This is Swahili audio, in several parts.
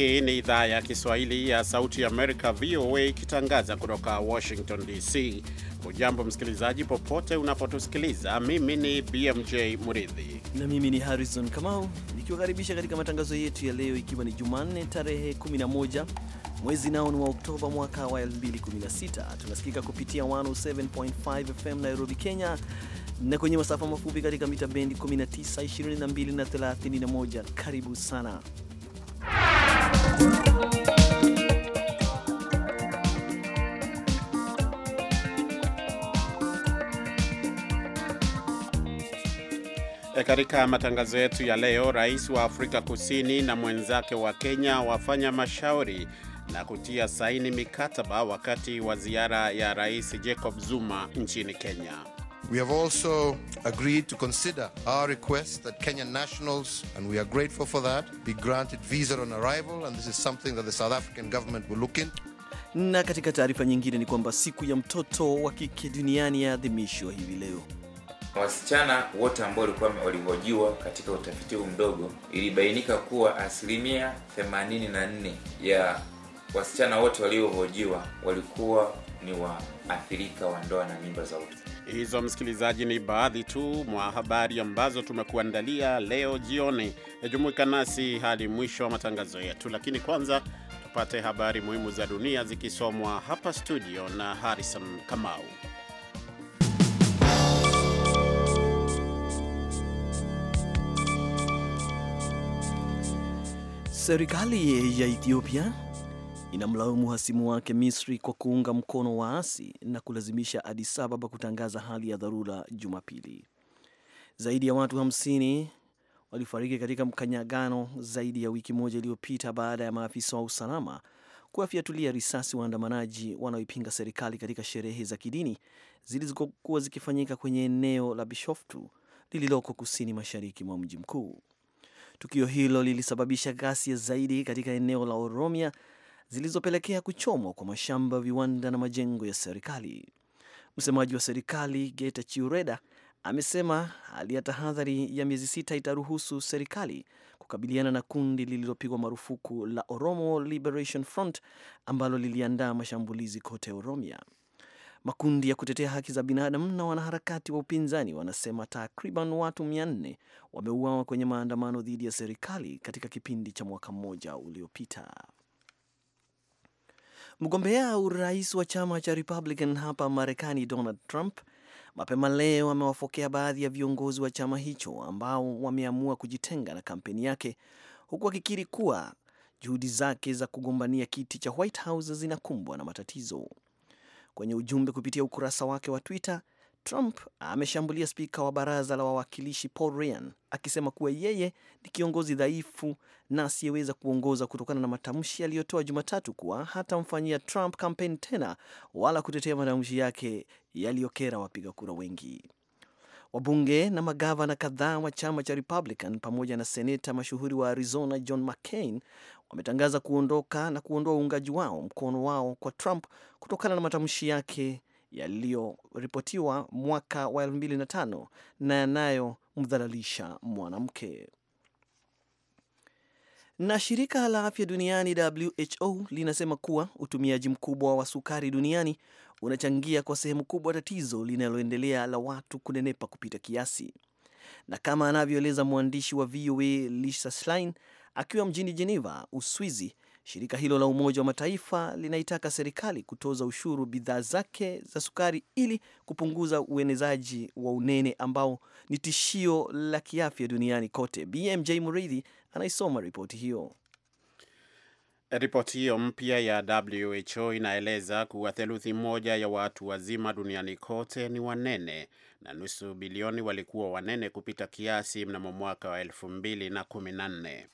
Hii ni idhaa ya Kiswahili ya Sauti ya Amerika, VOA, ikitangaza kutoka Washington DC. Hujambo msikilizaji, popote unapotusikiliza. Mimi ni BMJ Muridhi na mimi ni Harrison Kamau, nikiwakaribisha katika matangazo yetu ya leo, ikiwa ni Jumanne tarehe 11 mwezi nao ni wa Oktoba mwaka wa 2016. Tunasikika kupitia 107.5 FM Nairobi, Kenya na kwenye masafa mafupi katika mita bendi 19, 22 na 31. Karibu sana E, katika matangazo yetu ya leo, rais wa Afrika Kusini na mwenzake wa Kenya wafanya mashauri na kutia saini mikataba wakati wa ziara ya Rais Jacob Zuma nchini Kenya. We have also agreed to consider our request that Kenyan nationals, and we are grateful for that, be granted visa on arrival, and this is something that the South African government will look into. Na katika taarifa nyingine ni kwamba siku ya mtoto wa kike duniani yaadhimishwa hivi leo. Wasichana wote ambao walikuwa walihojiwa katika utafiti huu mdogo, ilibainika kuwa asilimia 84 ya wasichana wote waliohojiwa walikuwa ni waathirika wa ndoa na mimba za utu. Hizo msikilizaji, ni baadhi tu mwa habari ambazo tumekuandalia leo jioni. Jumuika nasi hadi mwisho wa matangazo yetu, lakini kwanza tupate habari muhimu za dunia zikisomwa hapa studio na Harrison Kamau. Serikali ya Ethiopia inamlaumu hasimu wake Misri kwa kuunga mkono waasi na kulazimisha Addis Ababa kutangaza hali ya dharura Jumapili. Zaidi ya watu 50 walifariki katika mkanyagano zaidi ya wiki moja iliyopita baada ya maafisa wa usalama kuwafyatulia risasi waandamanaji wanaoipinga serikali katika sherehe za kidini zilizokuwa zikifanyika kwenye eneo la Bishoftu lililoko kusini mashariki mwa mji mkuu. Tukio hilo lilisababisha ghasia zaidi katika eneo la Oromia zilizopelekea kuchomwa kwa mashamba, viwanda na majengo ya serikali. Msemaji wa serikali Getachew Reda amesema hali ya tahadhari ya miezi sita itaruhusu serikali kukabiliana na kundi lililopigwa marufuku la Oromo Liberation Front ambalo liliandaa mashambulizi kote Oromia. Makundi ya kutetea haki za binadamu na wanaharakati wa upinzani wanasema takriban watu mia nne wameuawa kwenye maandamano dhidi ya serikali katika kipindi cha mwaka mmoja uliopita. Mgombea urais wa chama cha Republican hapa Marekani, Donald Trump mapema leo amewafokea baadhi ya viongozi wa chama hicho ambao wameamua kujitenga na kampeni yake, huku akikiri kuwa juhudi zake za kugombania kiti cha White House zinakumbwa na matatizo. Kwenye ujumbe kupitia ukurasa wake wa Twitter, Trump ameshambulia spika wa baraza la wawakilishi Paul Ryan akisema kuwa yeye ni kiongozi dhaifu na asiyeweza kuongoza kutokana na matamshi aliyotoa Jumatatu kuwa hatamfanyia Trump kampeni tena wala kutetea matamshi yake yaliyokera wapiga kura wengi. Wabunge na magavana kadhaa wa chama cha Republican pamoja na seneta mashuhuri wa Arizona John McCain wametangaza kuondoka na kuondoa uungaji wao mkono wao kwa Trump kutokana na matamshi yake yaliyoripotiwa mwaka wa 2005 na yanayomdhalalisha mwanamke. Na shirika la afya duniani WHO linasema kuwa utumiaji mkubwa wa sukari duniani unachangia kwa sehemu kubwa tatizo linaloendelea la watu kunenepa kupita kiasi, na kama anavyoeleza mwandishi wa VOA Lisa Schlein akiwa mjini Geneva, Uswizi, Shirika hilo la Umoja wa Mataifa linaitaka serikali kutoza ushuru bidhaa zake za sukari ili kupunguza uenezaji wa unene ambao ni tishio la kiafya duniani kote. BMJ Muridhi anaisoma ripoti hiyo. Ripoti hiyo mpya ya WHO inaeleza kuwa theluthi moja ya watu wazima duniani kote ni wanene na nusu bilioni walikuwa wanene kupita kiasi mnamo mwaka wa elfu mbili na kumi na nne.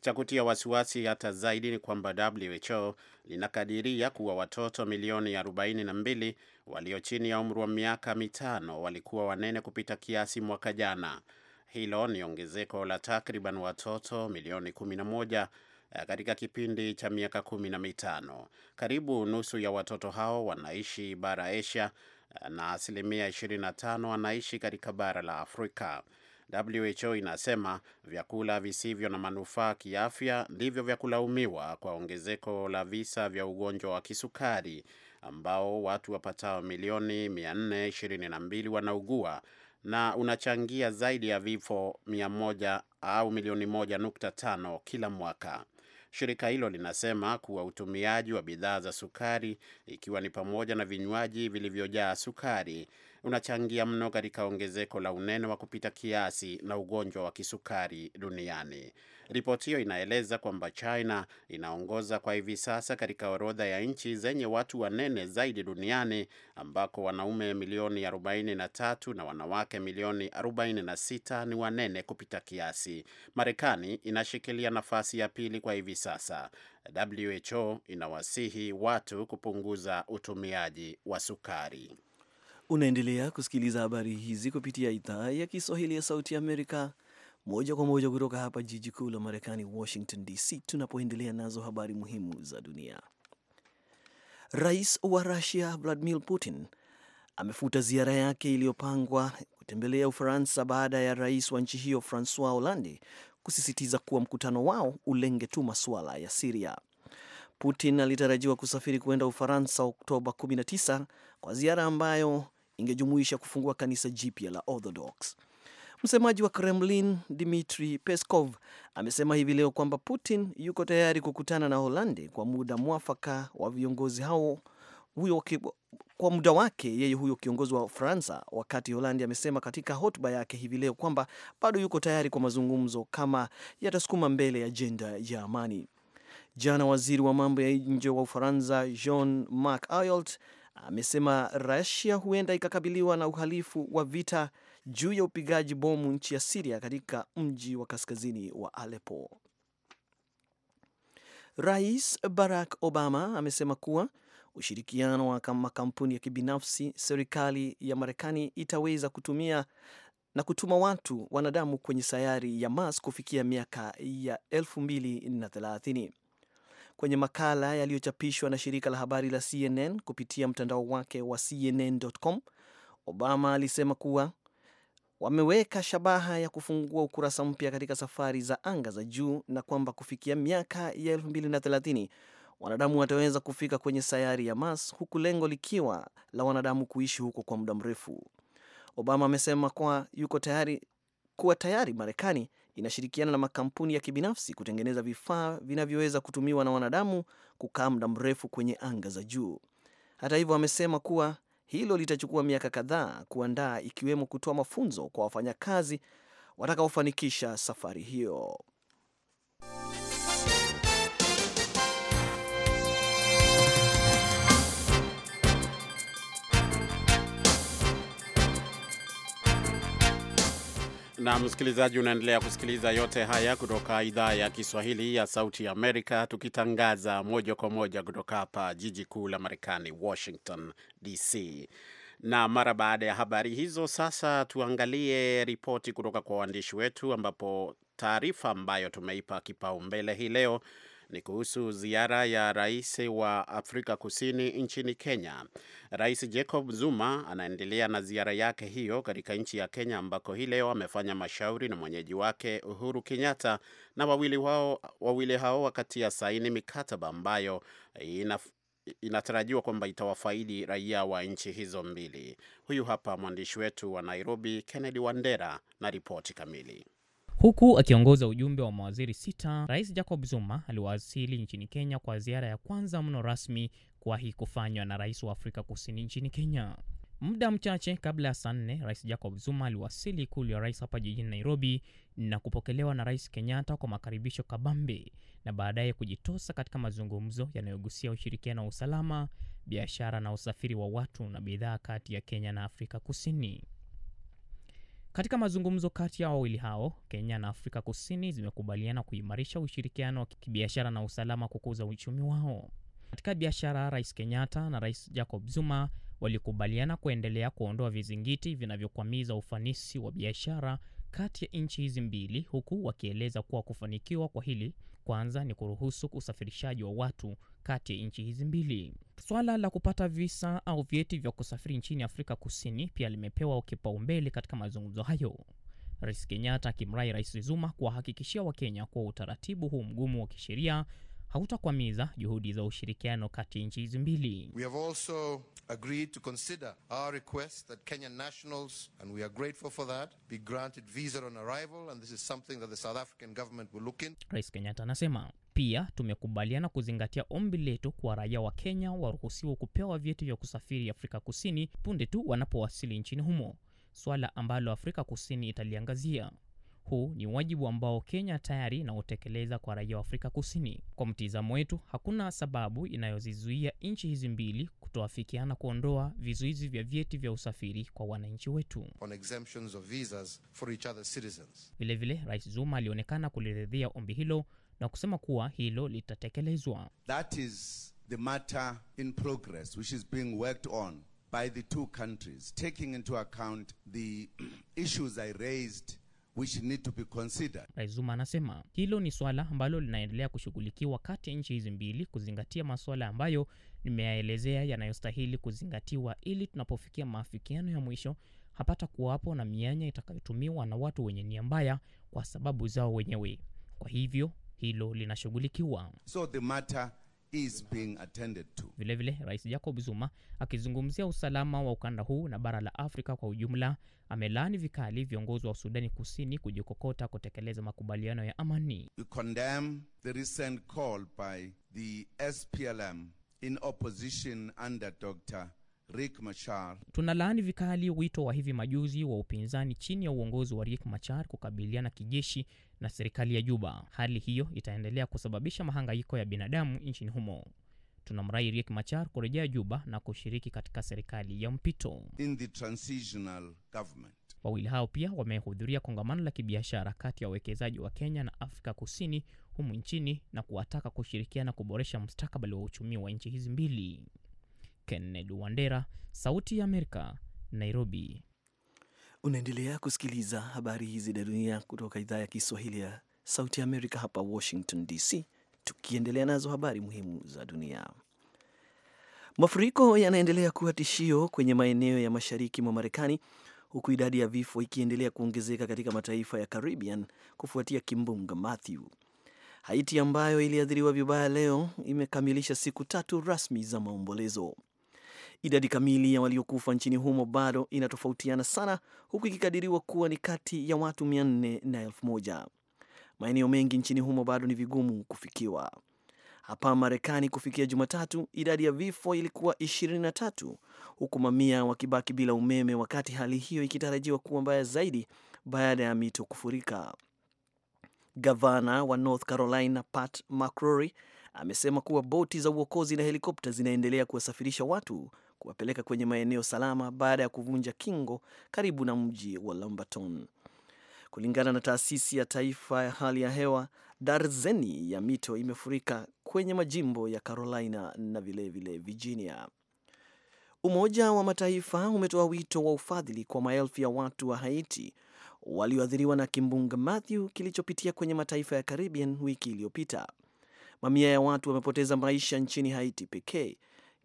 Cha kutia wasiwasi hata zaidi ni kwamba WHO linakadiria kuwa watoto milioni 42 walio chini ya umri wa miaka mitano walikuwa wanene kupita kiasi mwaka jana. Hilo ni ongezeko la takriban watoto milioni 11 eh, katika kipindi cha miaka kumi na mitano. Karibu nusu ya watoto hao wanaishi bara Asia eh, na asilimia 25 wanaishi katika bara la Afrika. WHO inasema vyakula visivyo na manufaa kiafya ndivyo vya kulaumiwa kwa ongezeko la visa vya ugonjwa wa kisukari ambao watu wapatao milioni 422 wanaugua na unachangia zaidi ya vifo mia au milioni 1.5 kila mwaka. Shirika hilo linasema kuwa utumiaji wa bidhaa za sukari, ikiwa ni pamoja na vinywaji vilivyojaa sukari, unachangia mno katika ongezeko la unene wa kupita kiasi na ugonjwa wa kisukari duniani. Ripoti hiyo inaeleza kwamba China inaongoza kwa hivi sasa katika orodha ya nchi zenye watu wanene zaidi duniani ambako wanaume milioni 43 na wanawake milioni 46 ni wanene kupita kiasi. Marekani inashikilia nafasi ya pili kwa hivi sasa. WHO inawasihi watu kupunguza utumiaji wa sukari. Unaendelea kusikiliza habari hizi kupitia idhaa ya Kiswahili ya Sauti Amerika moja kwa moja kutoka hapa jiji kuu la Marekani, Washington DC, tunapoendelea nazo habari muhimu za dunia. Rais wa Rusia Vladimir Putin amefuta ziara yake iliyopangwa kutembelea Ufaransa baada ya rais wa nchi hiyo Francois Hollande kusisitiza kuwa mkutano wao ulenge tu masuala ya Siria. Putin alitarajiwa kusafiri kuenda Ufaransa Oktoba 19 kwa ziara ambayo ingejumuisha kufungua kanisa jipya la Orthodox. Msemaji wa Kremlin Dmitri Peskov amesema hivi leo kwamba Putin yuko tayari kukutana na Holandi kwa muda mwafaka wa viongozi hao huyo kwa muda wake yeye huyo kiongozi wa Ufaransa, wakati Holandi amesema katika hotuba yake hivi leo kwamba bado yuko tayari kwa mazungumzo kama yatasukuma mbele ajenda ya amani. Jana waziri wa mambo ya nje wa Ufaransa Jean Marc Ayrault amesema Russia huenda ikakabiliwa na uhalifu wa vita juu ya upigaji bomu nchi ya Siria katika mji wa kaskazini wa Aleppo. Rais Barack Obama amesema kuwa ushirikiano wa makampuni ya kibinafsi, serikali ya Marekani itaweza kutumia na kutuma watu wanadamu kwenye sayari ya Mars kufikia miaka ya 2030. Kwenye makala yaliyochapishwa na shirika la habari la CNN kupitia mtandao wake wa CNN.com, Obama alisema kuwa wameweka shabaha ya kufungua ukurasa mpya katika safari za anga za juu na kwamba kufikia miaka ya 2030 wanadamu wataweza kufika kwenye sayari ya Mars, huku lengo likiwa la wanadamu kuishi huko kwa muda mrefu. Obama amesema kuwa yuko tayari kuwa tayari Marekani inashirikiana na makampuni ya kibinafsi kutengeneza vifaa vinavyoweza kutumiwa na wanadamu kukaa muda mrefu kwenye anga za juu. Hata hivyo, amesema kuwa hilo litachukua miaka kadhaa kuandaa, ikiwemo kutoa mafunzo kwa wafanyakazi watakaofanikisha safari hiyo. na msikilizaji, unaendelea kusikiliza yote haya kutoka idhaa ya Kiswahili ya Sauti Amerika, tukitangaza moja kwa moja kutoka hapa jiji kuu la Marekani, Washington DC. Na mara baada ya habari hizo, sasa tuangalie ripoti kutoka kwa waandishi wetu, ambapo taarifa ambayo tumeipa kipaumbele hii leo ni kuhusu ziara ya rais wa Afrika Kusini nchini Kenya. Rais Jacob Zuma anaendelea na ziara yake hiyo katika nchi ya Kenya, ambako hii leo amefanya mashauri na mwenyeji wake Uhuru Kenyatta, na wawili, wao, wawili hao wakati ya saini mikataba ambayo ina inatarajiwa kwamba itawafaidi raia wa nchi hizo mbili. Huyu hapa mwandishi wetu wa Nairobi, Kennedy Wandera, na ripoti kamili. Huku akiongoza ujumbe wa mawaziri sita, Rais Jacob Zuma aliwasili nchini Kenya kwa ziara ya kwanza mno rasmi kuwahi kufanywa na rais wa Afrika Kusini nchini Kenya. Muda mchache kabla ya saa nne, Rais Jacob Zuma aliwasili ikulu ya rais hapa jijini Nairobi na kupokelewa na Rais Kenyatta kwa makaribisho kabambe na baadaye kujitosa katika mazungumzo yanayogusia ushirikiano wa usalama, biashara na usafiri wa watu na bidhaa kati ya Kenya na Afrika Kusini. Katika mazungumzo kati ya wawili hao, Kenya na Afrika Kusini zimekubaliana kuimarisha ushirikiano wa kibiashara na usalama kukuza uchumi wao. Katika biashara, Rais Kenyatta na Rais Jacob Zuma walikubaliana kuendelea kuondoa vizingiti vinavyokwamiza ufanisi wa biashara kati ya nchi hizi mbili, huku wakieleza kuwa kufanikiwa kwa hili kwanza ni kuruhusu usafirishaji wa watu kati ya nchi hizi mbili. Swala la kupata visa au vyeti vya kusafiri nchini Afrika Kusini pia limepewa kipaumbele katika mazungumzo hayo. Rais Kenyatta akimrai Rais Zuma kuwahakikishia Wakenya kuwa utaratibu huu mgumu wa kisheria hautakwamiza juhudi za ushirikiano kati ya nchi hizi mbili. We have also agreed to consider our request that Kenyan nationals and we are grateful for that be granted visa on arrival and this is something that the South African government will look in. Rais Kenyatta anasema pia tumekubaliana kuzingatia ombi letu kwa raia wa Kenya waruhusiwe kupewa vyeti vya kusafiri Afrika Kusini punde tu wanapowasili nchini humo, swala ambalo Afrika Kusini italiangazia. Huu ni wajibu ambao Kenya tayari inautekeleza kwa raia wa Afrika Kusini. Kwa mtizamo wetu, hakuna sababu inayozizuia nchi hizi mbili kutoafikiana kuondoa vizuizi vya vyeti vya usafiri kwa wananchi wetu. Vilevile, Rais Zuma alionekana kuliridhia ombi hilo na kusema kuwa hilo litatekelezwa. That is the matter in progress which is being worked on by the two countries taking into account the issues I raised which need to be considered. Rais Zuma anasema hilo ni swala ambalo linaendelea kushughulikiwa kati ya nchi hizi mbili, kuzingatia masuala ambayo nimeyaelezea yanayostahili kuzingatiwa, ili tunapofikia maafikiano ya mwisho hapata kuwapo na mianya itakayotumiwa na watu wenye nia mbaya kwa sababu zao wenyewe. Kwa hivyo hilo linashughulikiwa. So the matter is being attended to. Vile vile, Rais Jacob Zuma akizungumzia usalama wa ukanda huu na bara la Afrika kwa ujumla amelaani vikali viongozi wa Sudani Kusini kujikokota kutekeleza makubaliano ya amani. We condemn the recent call by the SPLM in opposition under Dr. Riek Machar. Tunalaani vikali wito wa hivi majuzi wa upinzani chini ya uongozi wa rick Machar kukabiliana kijeshi na serikali ya Juba. Hali hiyo itaendelea kusababisha mahangaiko ya binadamu nchini humo. Tunamrai Riek Machar kurejea Juba na kushiriki katika serikali ya mpito. In the transitional government. Wawili hao pia wamehudhuria kongamano la kibiashara kati ya wawekezaji wa Kenya na Afrika Kusini humu nchini na kuwataka kushirikiana kuboresha mustakabali wa uchumi wa nchi hizi mbili. Kennedy Wandera, Sauti ya Amerika, Nairobi. Unaendelea kusikiliza habari hizi za dunia kutoka idhaa ya Kiswahili ya Sauti ya Amerika hapa Washington DC, tukiendelea nazo habari muhimu za dunia. Mafuriko yanaendelea kuwa tishio kwenye maeneo ya mashariki mwa Marekani, huku idadi ya vifo ikiendelea kuongezeka katika mataifa ya Caribbean kufuatia kimbunga Matthew. Haiti ambayo iliathiriwa vibaya leo imekamilisha siku tatu rasmi za maombolezo. Idadi kamili ya waliokufa nchini humo bado inatofautiana sana, huku ikikadiriwa kuwa ni kati ya watu 400 na 1000. Maeneo mengi nchini humo bado ni vigumu kufikiwa. Hapa Marekani, kufikia Jumatatu, idadi ya vifo ilikuwa 23 huku mamia wakibaki bila umeme, wakati hali hiyo ikitarajiwa kuwa mbaya zaidi baada ya mito kufurika. Gavana wa North Carolina Pat McCrory amesema kuwa boti za uokozi na helikopta zinaendelea kuwasafirisha watu kuwapeleka kwenye maeneo salama baada ya kuvunja kingo karibu na mji wa Lumberton. Kulingana na taasisi ya taifa ya hali ya hewa, darzeni ya mito imefurika kwenye majimbo ya Carolina na vilevile vile Virginia. Umoja wa Mataifa umetoa wito wa ufadhili kwa maelfu ya watu wa Haiti walioathiriwa na kimbunga Matthew kilichopitia kwenye mataifa ya Caribbean wiki iliyopita. Mamia ya watu wamepoteza maisha nchini Haiti pekee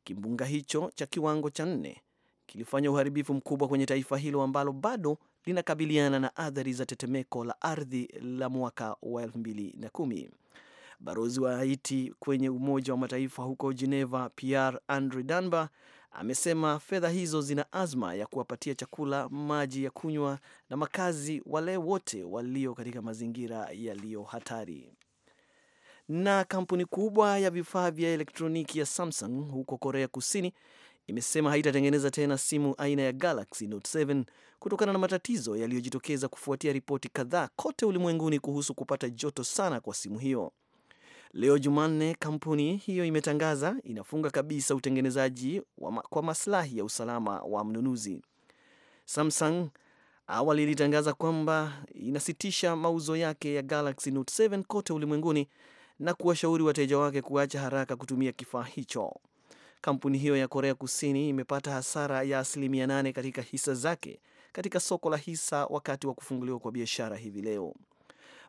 Kimbunga hicho cha kiwango cha nne kilifanya uharibifu mkubwa kwenye taifa hilo ambalo bado linakabiliana na athari za tetemeko la ardhi la mwaka wa 2010. barozi wa Haiti kwenye Umoja wa Mataifa huko Geneva, Pierre Andre Danba, amesema fedha hizo zina azma ya kuwapatia chakula, maji ya kunywa na makazi wale wote walio katika mazingira yaliyo hatari. Na kampuni kubwa ya vifaa vya elektroniki ya Samsung huko Korea Kusini imesema haitatengeneza tena simu aina ya Galaxy Note 7 kutokana na matatizo yaliyojitokeza kufuatia ripoti kadhaa kote ulimwenguni kuhusu kupata joto sana kwa simu hiyo. Leo Jumanne, kampuni hiyo imetangaza inafunga kabisa utengenezaji ma kwa maslahi ya usalama wa mnunuzi. Samsung awali ilitangaza kwamba inasitisha mauzo yake ya Galaxy Note 7 kote ulimwenguni na kuwashauri wateja wake kuacha haraka kutumia kifaa hicho. Kampuni hiyo ya Korea Kusini imepata hasara ya asilimia nane katika hisa zake katika soko la hisa wakati wa kufunguliwa kwa biashara hivi leo.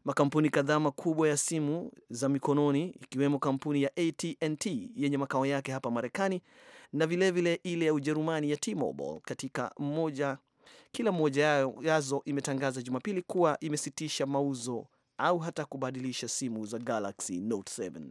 Makampuni kadhaa makubwa ya simu za mikononi ikiwemo kampuni ya ATNT yenye makao yake hapa Marekani na vilevile vile ile ya Ujerumani ya T-Mobile katika moja, kila mmoja yazo imetangaza Jumapili kuwa imesitisha mauzo au hata kubadilisha simu za Galaxy Note 7.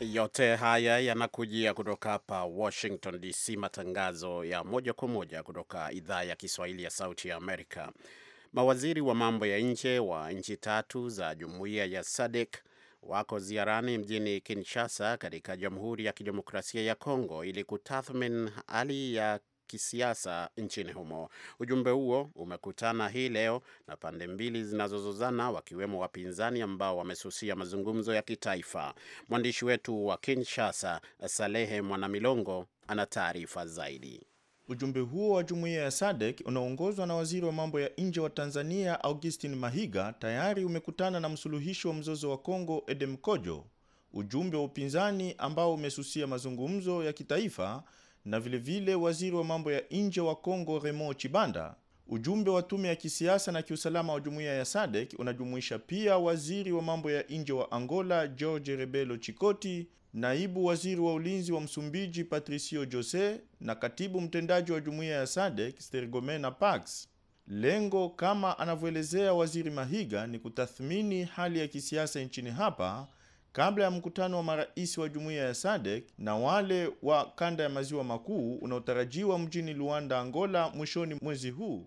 Yote haya yanakujia kutoka hapa Washington DC, matangazo ya moja kwa moja kutoka idhaa ya Kiswahili ya Sauti ya Amerika. Mawaziri wa mambo ya nje wa nchi tatu za jumuiya ya SADC wako ziarani mjini Kinshasa katika Jamhuri ya Kidemokrasia ya Kongo ili kutathmin hali ya kisiasa nchini humo. Ujumbe huo umekutana hii leo na pande mbili zinazozozana wakiwemo wapinzani ambao wamesusia mazungumzo ya kitaifa. Mwandishi wetu wa Kinshasa, Salehe Mwanamilongo, ana taarifa zaidi. Ujumbe huo wa jumuiya ya SADC unaongozwa na waziri wa mambo ya nje wa Tanzania Augustine Mahiga tayari umekutana na msuluhishi wa mzozo wa Kongo Edem Kojo, ujumbe wa upinzani ambao umesusia mazungumzo ya kitaifa na vilevile vile waziri wa mambo ya nje wa Kongo Remo Chibanda Ujumbe wa tume ya kisiasa na kiusalama wa jumuiya ya SADC unajumuisha pia waziri wa mambo ya nje wa Angola George Rebelo Chikoti, naibu waziri wa ulinzi wa Msumbiji Patricio Jose na katibu mtendaji wa jumuiya ya SADC Stergomena Pax. Lengo kama anavyoelezea waziri Mahiga ni kutathmini hali ya kisiasa nchini hapa kabla ya mkutano wa marais wa jumuiya ya SADC na wale wa kanda ya maziwa makuu unaotarajiwa mjini Luanda, Angola, mwishoni mwezi huu.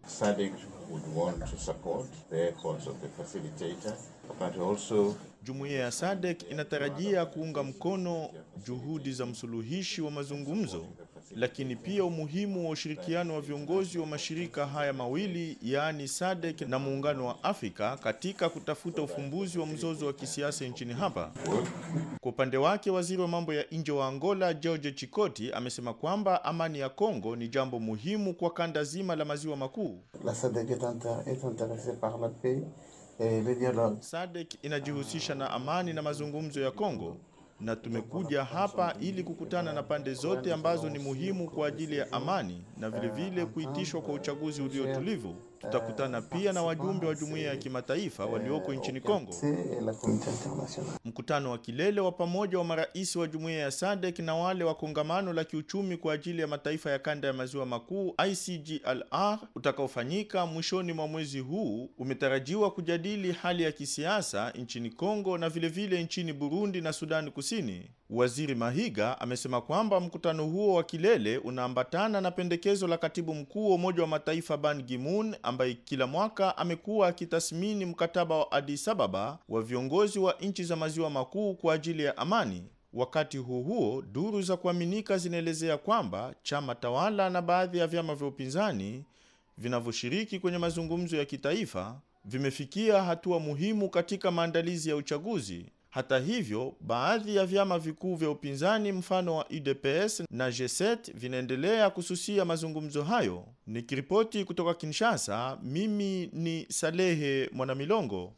Jumuiya ya SADC inatarajia kuunga mkono juhudi za msuluhishi wa mazungumzo lakini pia umuhimu wa ushirikiano wa viongozi wa mashirika haya mawili yaani SADC na Muungano wa Afrika katika kutafuta ufumbuzi wa mzozo wa kisiasa nchini hapa. Kwa upande wake, waziri wa mambo ya nje wa Angola George Chikoti amesema kwamba amani ya Kongo ni jambo muhimu kwa kanda zima la maziwa makuu. SADC inajihusisha na amani na mazungumzo ya Kongo na tumekuja hapa ili kukutana na pande zote ambazo ni muhimu kwa ajili ya amani na vilevile kuitishwa kwa uchaguzi uliotulivu tutakutana eh, pia na wajumbe wa jumuiya ya kimataifa eh, walioko nchini Kongo. Mkutano wa kilele wa pamoja wa marais wa jumuiya ya SADC na wale wa kongamano la kiuchumi kwa ajili ya mataifa ya kanda ya maziwa makuu ICGLR utakaofanyika mwishoni mwa mwezi huu umetarajiwa kujadili hali ya kisiasa nchini Kongo na vilevile vile nchini Burundi na Sudani Kusini. Waziri Mahiga amesema kwamba mkutano huo wa kilele unaambatana na pendekezo la Katibu Mkuu wa Umoja wa Mataifa Ban Ki-moon ambaye kila mwaka amekuwa akitathmini mkataba wa Addis Ababa wa viongozi wa nchi za Maziwa Makuu kwa ajili ya amani. Wakati huo huo, duru za kuaminika zinaelezea kwamba chama tawala na baadhi ya vyama vya upinzani vinavyoshiriki kwenye mazungumzo ya kitaifa vimefikia hatua muhimu katika maandalizi ya uchaguzi hata hivyo, baadhi ya vyama vikuu vya upinzani mfano wa UDPS na G7 e vinaendelea kususia mazungumzo hayo. Nikiripoti kutoka Kinshasa, mimi ni Salehe Mwanamilongo.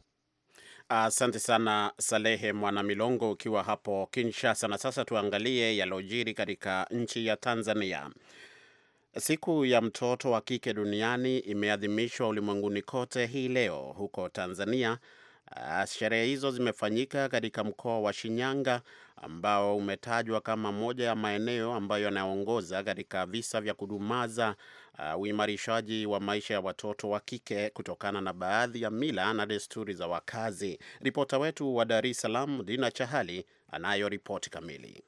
Asante sana Salehe Mwanamilongo, ukiwa hapo Kinshasa. Na sasa tuangalie yalojiri katika nchi ya Tanzania. Siku ya mtoto wa kike duniani imeadhimishwa ulimwenguni kote hii leo. Huko Tanzania, Ah, sherehe hizo zimefanyika katika mkoa wa Shinyanga ambao umetajwa kama moja ya maeneo ambayo yanaongoza katika visa vya kudumaza uh, uimarishaji wa maisha ya watoto wa kike kutokana na baadhi ya mila na desturi za wakazi. Ripota wetu wa Dar es Salaam Dina Chahali anayo ripoti kamili.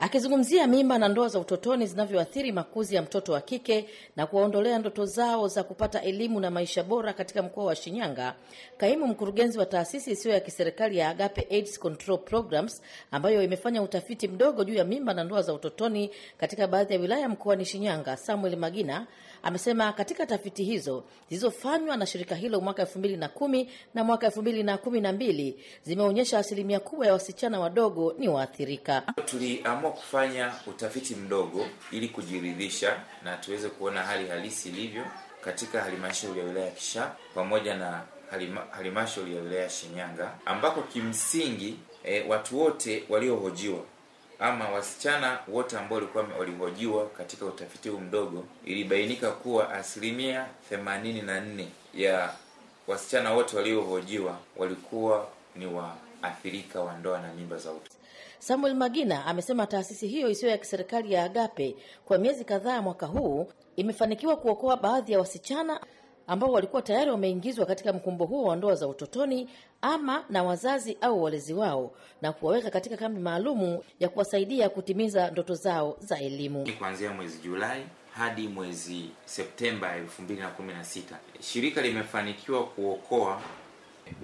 Akizungumzia mimba na ndoa za utotoni zinavyoathiri makuzi ya mtoto wa kike na kuwaondolea ndoto zao za kupata elimu na maisha bora katika mkoa wa Shinyanga, kaimu mkurugenzi wa taasisi isiyo ya kiserikali ya Agape AIDS Control Programs ambayo imefanya utafiti mdogo juu ya mimba na ndoa za utotoni katika baadhi ya wilaya mkoani Shinyanga, Samuel Magina Amesema katika tafiti hizo zilizofanywa na shirika hilo mwaka elfu mbili na kumi na mwaka elfu mbili na kumi na mbili zimeonyesha asilimia kubwa ya wasichana wadogo ni waathirika. Tuliamua kufanya utafiti mdogo ili kujiridhisha na tuweze kuona hali halisi ilivyo katika halmashauri ya wilaya ya Kisha pamoja na halimashauri halmashauri ya wilaya ya Shinyanga ambako kimsingi e, watu wote waliohojiwa ama wasichana wote ambao walikuwa walihojiwa katika utafiti huu mdogo, ilibainika kuwa asilimia themanini na nne ya wasichana wote waliohojiwa walikuwa ni waathirika wa ndoa na mimba za utu. Samuel Magina amesema taasisi hiyo isiyo ya kiserikali ya Agape kwa miezi kadhaa mwaka huu imefanikiwa kuokoa baadhi ya wasichana ambao walikuwa tayari wameingizwa katika mkumbo huo wa ndoa za utotoni ama na wazazi au walezi wao na kuwaweka katika kambi maalumu ya kuwasaidia kutimiza ndoto zao za elimu. Kuanzia mwezi Julai hadi mwezi Septemba sita shirika limefanikiwa kuokoa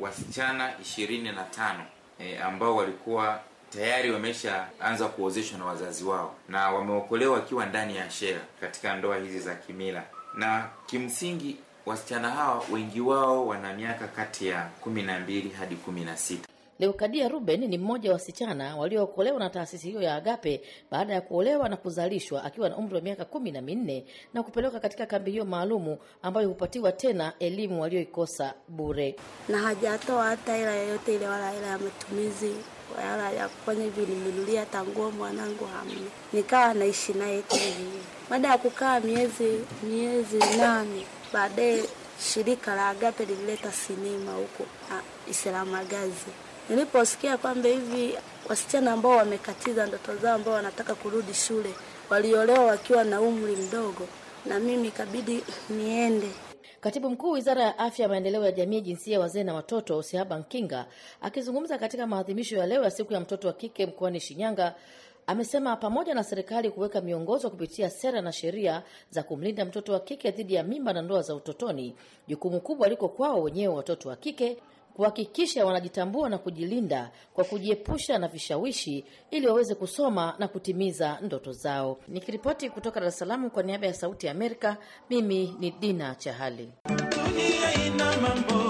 wasichana ishirini tano e, ambao walikuwa tayari wameshaanza kuozeshwa na wazazi wao na wameokolewa wakiwa ndani ya shera katika ndoa hizi za kimila na kimsingi Wasichana hawa wengi wao wana miaka kati ya kumi na mbili hadi kumi na sita. Leukadia Ruben ni mmoja wa wasichana waliookolewa na taasisi hiyo ya Agape baada ya kuolewa na kuzalishwa akiwa na umri wa miaka kumi na minne na kupelekwa katika kambi hiyo maalumu ambayo hupatiwa tena elimu walioikosa bure, na hajatoa hata hela yoyote ile, wala hela ya matumizi wala ya kufanya hivi. Nimenunulia hata nguo mwanangu hamna, nikawa naishi naye hivi. Baada ya kukaa miezi miezi nane Baadaye shirika la Agape lilileta sinema huko ah, isilamagazi Niliposikia kwamba hivi wasichana ambao wamekatiza ndoto zao, ambao wanataka kurudi shule, waliolewa wakiwa na umri mdogo, na mimi ikabidi niende. Katibu Mkuu Wizara ya Afya, Maendeleo ya Jamii, Jinsia, Wazee na Watoto, Usiaba Nkinga, akizungumza katika maadhimisho ya leo ya Siku ya Mtoto wa Kike mkoani Shinyanga, Amesema pamoja na serikali kuweka miongozo kupitia sera na sheria za kumlinda mtoto wa kike dhidi ya mimba na ndoa za utotoni, jukumu kubwa liko kwao wenyewe watoto wa kike kuhakikisha wanajitambua na kujilinda kwa kujiepusha na vishawishi ili waweze kusoma na kutimiza ndoto zao. Nikiripoti kutoka Dar es Salaam kwa niaba ya Sauti ya Amerika, mimi ni Dina Chahali. Dunia ina mambo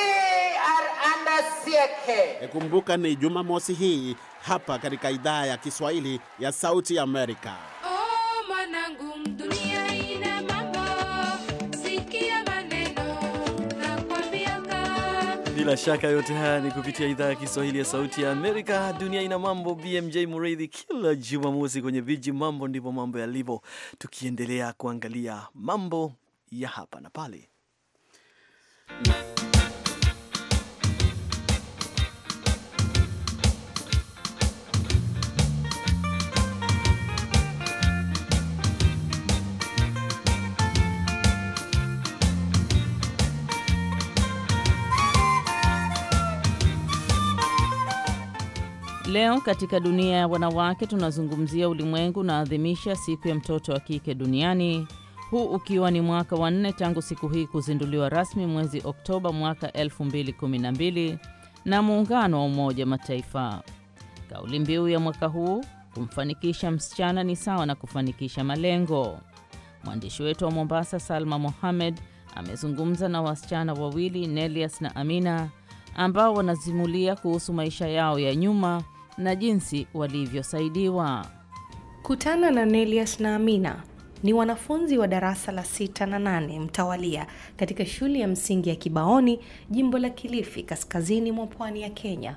yake. Kumbuka ni Jumamosi hii hapa katika idhaa ya Kiswahili ya Sauti Amerika. Oh, Bila shaka yote haya ni kupitia idhaa ya Kiswahili ya Sauti ya Amerika. Dunia ina mambo, BMJ Mureithi. Kila Jumamosi kwenye viji mambo ndivyo mambo yalivyo, tukiendelea kuangalia mambo ya hapa na pale. Leo katika dunia ya wanawake tunazungumzia ulimwengu unaadhimisha siku ya mtoto wa kike duniani, huu ukiwa ni mwaka wa nne tangu siku hii kuzinduliwa rasmi mwezi Oktoba mwaka 2012 na muungano wa Umoja Mataifa. Kauli mbiu ya mwaka huu, kumfanikisha msichana ni sawa na kufanikisha malengo. Mwandishi wetu wa Mombasa Salma Mohamed amezungumza na wasichana wawili Nelias na Amina ambao wanazimulia kuhusu maisha yao ya nyuma na jinsi walivyosaidiwa. Kutana na Nelius na Amina ni wanafunzi wa darasa la sita na nane mtawalia katika shule ya msingi ya Kibaoni, jimbo la Kilifi, kaskazini mwa pwani ya Kenya.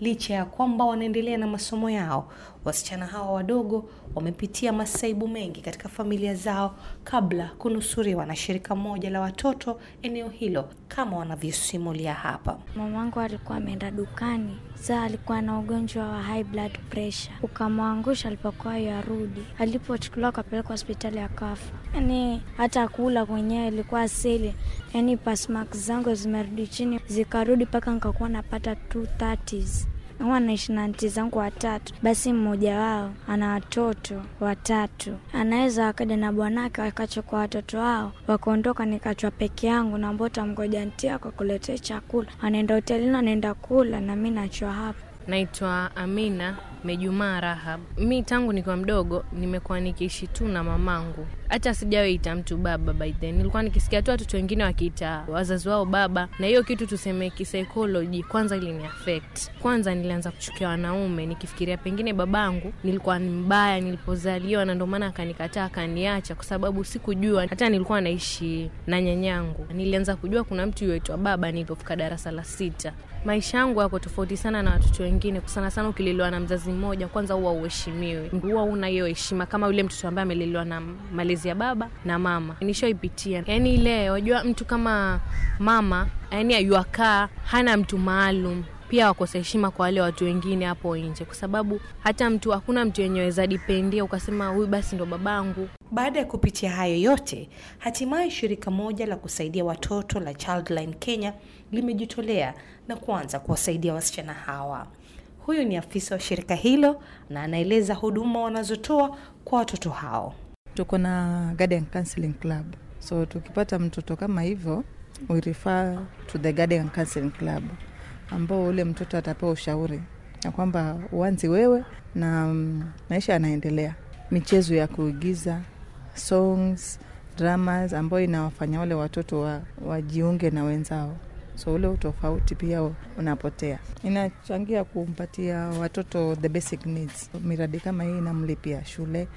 Licha ya kwamba wanaendelea na masomo yao, Wasichana hawa wadogo wamepitia masaibu mengi katika familia zao kabla kunusuriwa na shirika moja la watoto eneo hilo, kama wanavyosimulia hapa. Mamangu alikuwa ameenda dukani, saa alikuwa na ugonjwa wa high blood pressure, ukamwangusha alipokuwa yarudi. Alipochukuliwa akapelekwa hospitali ya kafa, Yani hata kula kwenyewe ilikuwa seli, yani pasmak zangu zimerudi chini, zikarudi mpaka nikakuwa napata 230s huwa naishi na nti zangu watatu, basi mmoja wao ana watoto watatu, anaweza wakaja na bwanake wakachwa kwa watoto wao, wakaondoka nikachwa peke yangu, naambao tamgoja nti yako akuletee chakula, anaenda hotelini, anaenda kula na mi nachwa hapa. Naitwa Amina Mejumaa Rahab. Mi tangu nikiwa mdogo nimekuwa nikiishi tu na mamangu, hata sijawaita mtu baba by then. Nilikuwa nikisikia tu watoto wengine wakiita wazazi wao baba, na hiyo kitu tuseme kisaikoloji kwanza ili ni affect. Kwanza nilianza kuchukia wanaume nikifikiria pengine babangu nilikuwa ni mbaya nilipozaliwa, na ndomaana akanikataa akaniacha, kwa sababu sikujua hata nilikuwa naishi na nyanyangu. Nilianza kujua kuna mtu yuaitwa baba nilipofika darasa la sita. Maisha yangu yako tofauti sana na watoto wengine. Sana sana ukilelewa na mzazi mmoja, kwanza huwa uheshimiwi, huwa una hiyo heshima kama yule mtoto ambaye amelelewa na malezi malezi ya baba na mama nishaipitia. Yani ile wajua, mtu kama mama yani ayuakaa hana mtu maalum pia wakosa heshima kwa wale watu wengine hapo nje, kwa sababu hata mtu hakuna mtu yenye weza dipendia ukasema huyu basi ndo babangu. Baada ya kupitia hayo yote, hatimaye shirika moja la kusaidia watoto la Childline Kenya limejitolea na kuanza kuwasaidia wasichana hawa. Huyu ni afisa wa shirika hilo na anaeleza huduma wanazotoa kwa watoto hao tuko na Garden Counseling Club, so tukipata mtoto kama hivyo we refer to the Garden Counseling Club, ambao ule mtoto atapewa ushauri na kwamba uanzi wewe na um, maisha yanaendelea, michezo ya kuigiza songs, dramas ambayo inawafanya wale watoto wa, wajiunge na wenzao so ule utofauti pia unapotea. Inachangia kumpatia watoto the basic needs. Miradi kama hii inamlipia shule,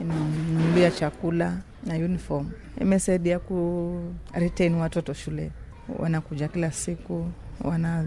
inamnunulia chakula na uniform, imesaidia ku retain watoto shule, wanakuja kila siku, wana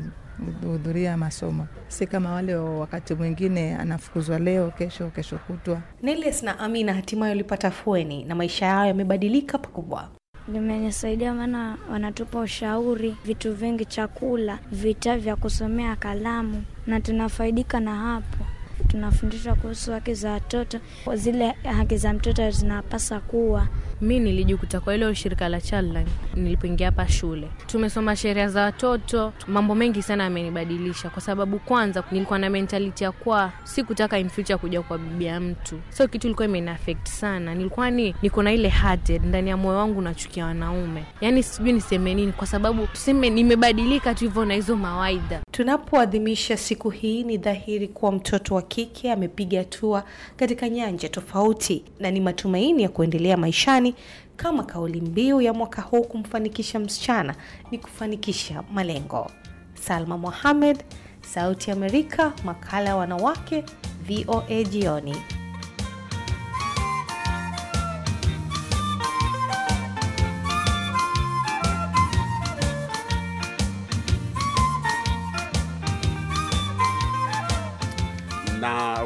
hudhuria masomo, si kama wale wakati mwingine anafukuzwa leo, kesho, kesho kutwa. Neles na Amina hatimaye walipata fueni na maisha yao yamebadilika pakubwa limenisaidia, maana wanatupa ushauri vitu vingi, chakula, vita vya kusomea, kalamu, na tunafaidika na hapo. Tunafundishwa kuhusu haki za watoto, zile haki za mtoto zinapasa kuwa mi nilijikuta kwa hilo shirika la Childline nilipoingia hapa shule. Tumesoma sheria za watoto, mambo mengi sana yamenibadilisha, kwa sababu kwanza nilikuwa na mentality ya kwa si kutaka future kuja kwa bibi ya mtu, so kitu ilikuwa imeniaffect sana. Nilikuwa ni niko na ile hatred ndani ya moyo wangu, nachukia wanaume, yaani sijui niseme nini, kwa sababu tuseme nimebadilika tu hivyo na hizo mawaidha. Tunapoadhimisha siku hii, ni dhahiri kuwa mtoto wa kike amepiga hatua katika nyanja tofauti na ni matumaini ya kuendelea maishani Marekani kama kauli mbiu ya mwaka huu kumfanikisha msichana ni kufanikisha malengo. Salma Mohamed, Sauti ya Amerika, makala ya wanawake, VOA jioni.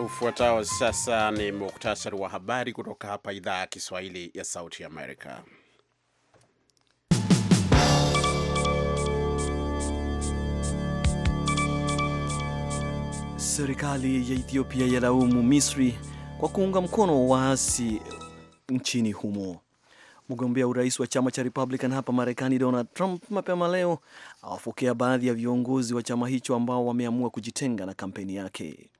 Ufuatao sasa ni muktasari wa habari kutoka hapa idhaa ya Kiswahili ya Sauti Amerika. Serikali ya Ethiopia yalaumu Misri kwa kuunga mkono waasi nchini humo. Mgombea urais wa chama cha Republican hapa Marekani, Donald Trump, mapema leo awapokea baadhi ya viongozi wa chama hicho ambao wameamua kujitenga na kampeni yake.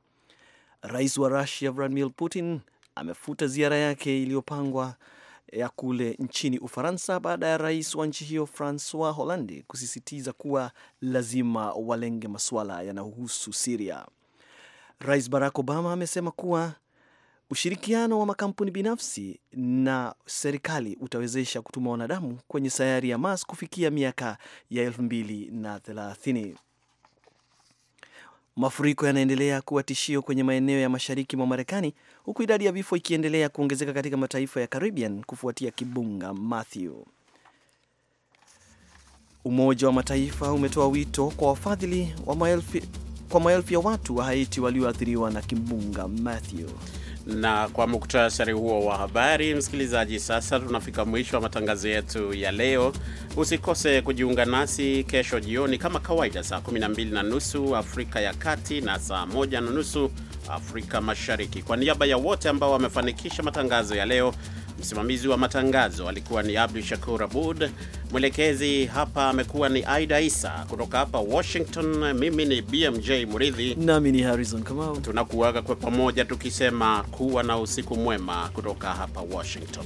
Rais wa Rusia Vladimir Putin amefuta ziara yake iliyopangwa ya kule nchini Ufaransa baada ya rais wa nchi hiyo Francois Hollande kusisitiza kuwa lazima walenge masuala yanayohusu Siria. Rais Barack Obama amesema kuwa ushirikiano wa makampuni binafsi na serikali utawezesha kutuma wanadamu kwenye sayari ya Mars kufikia miaka ya 2030. Mafuriko yanaendelea kuwa tishio kwenye maeneo ya mashariki mwa Marekani, huku idadi ya vifo ikiendelea kuongezeka katika mataifa ya Caribbean kufuatia kibunga Matthew. Umoja wa Mataifa umetoa wito kwa wafadhili wa maelfi, kwa maelfu ya watu wa Haiti walioathiriwa na kimbunga Matthew. Na kwa muktasari huo wa habari, msikilizaji, sasa tunafika mwisho wa matangazo yetu ya leo. Usikose kujiunga nasi kesho jioni kama kawaida, saa 12 na nusu Afrika ya Kati na saa 1 na nusu Afrika Mashariki. Kwa niaba ya wote ambao wamefanikisha matangazo ya leo Msimamizi wa matangazo alikuwa ni Abdu Shakur Abud, mwelekezi hapa amekuwa ni Aida Isa. Kutoka hapa Washington, mimi ni BMJ Muridhi nami ni Harrison Kamau, tunakuaga kwa pamoja tukisema kuwa na usiku mwema kutoka hapa Washington.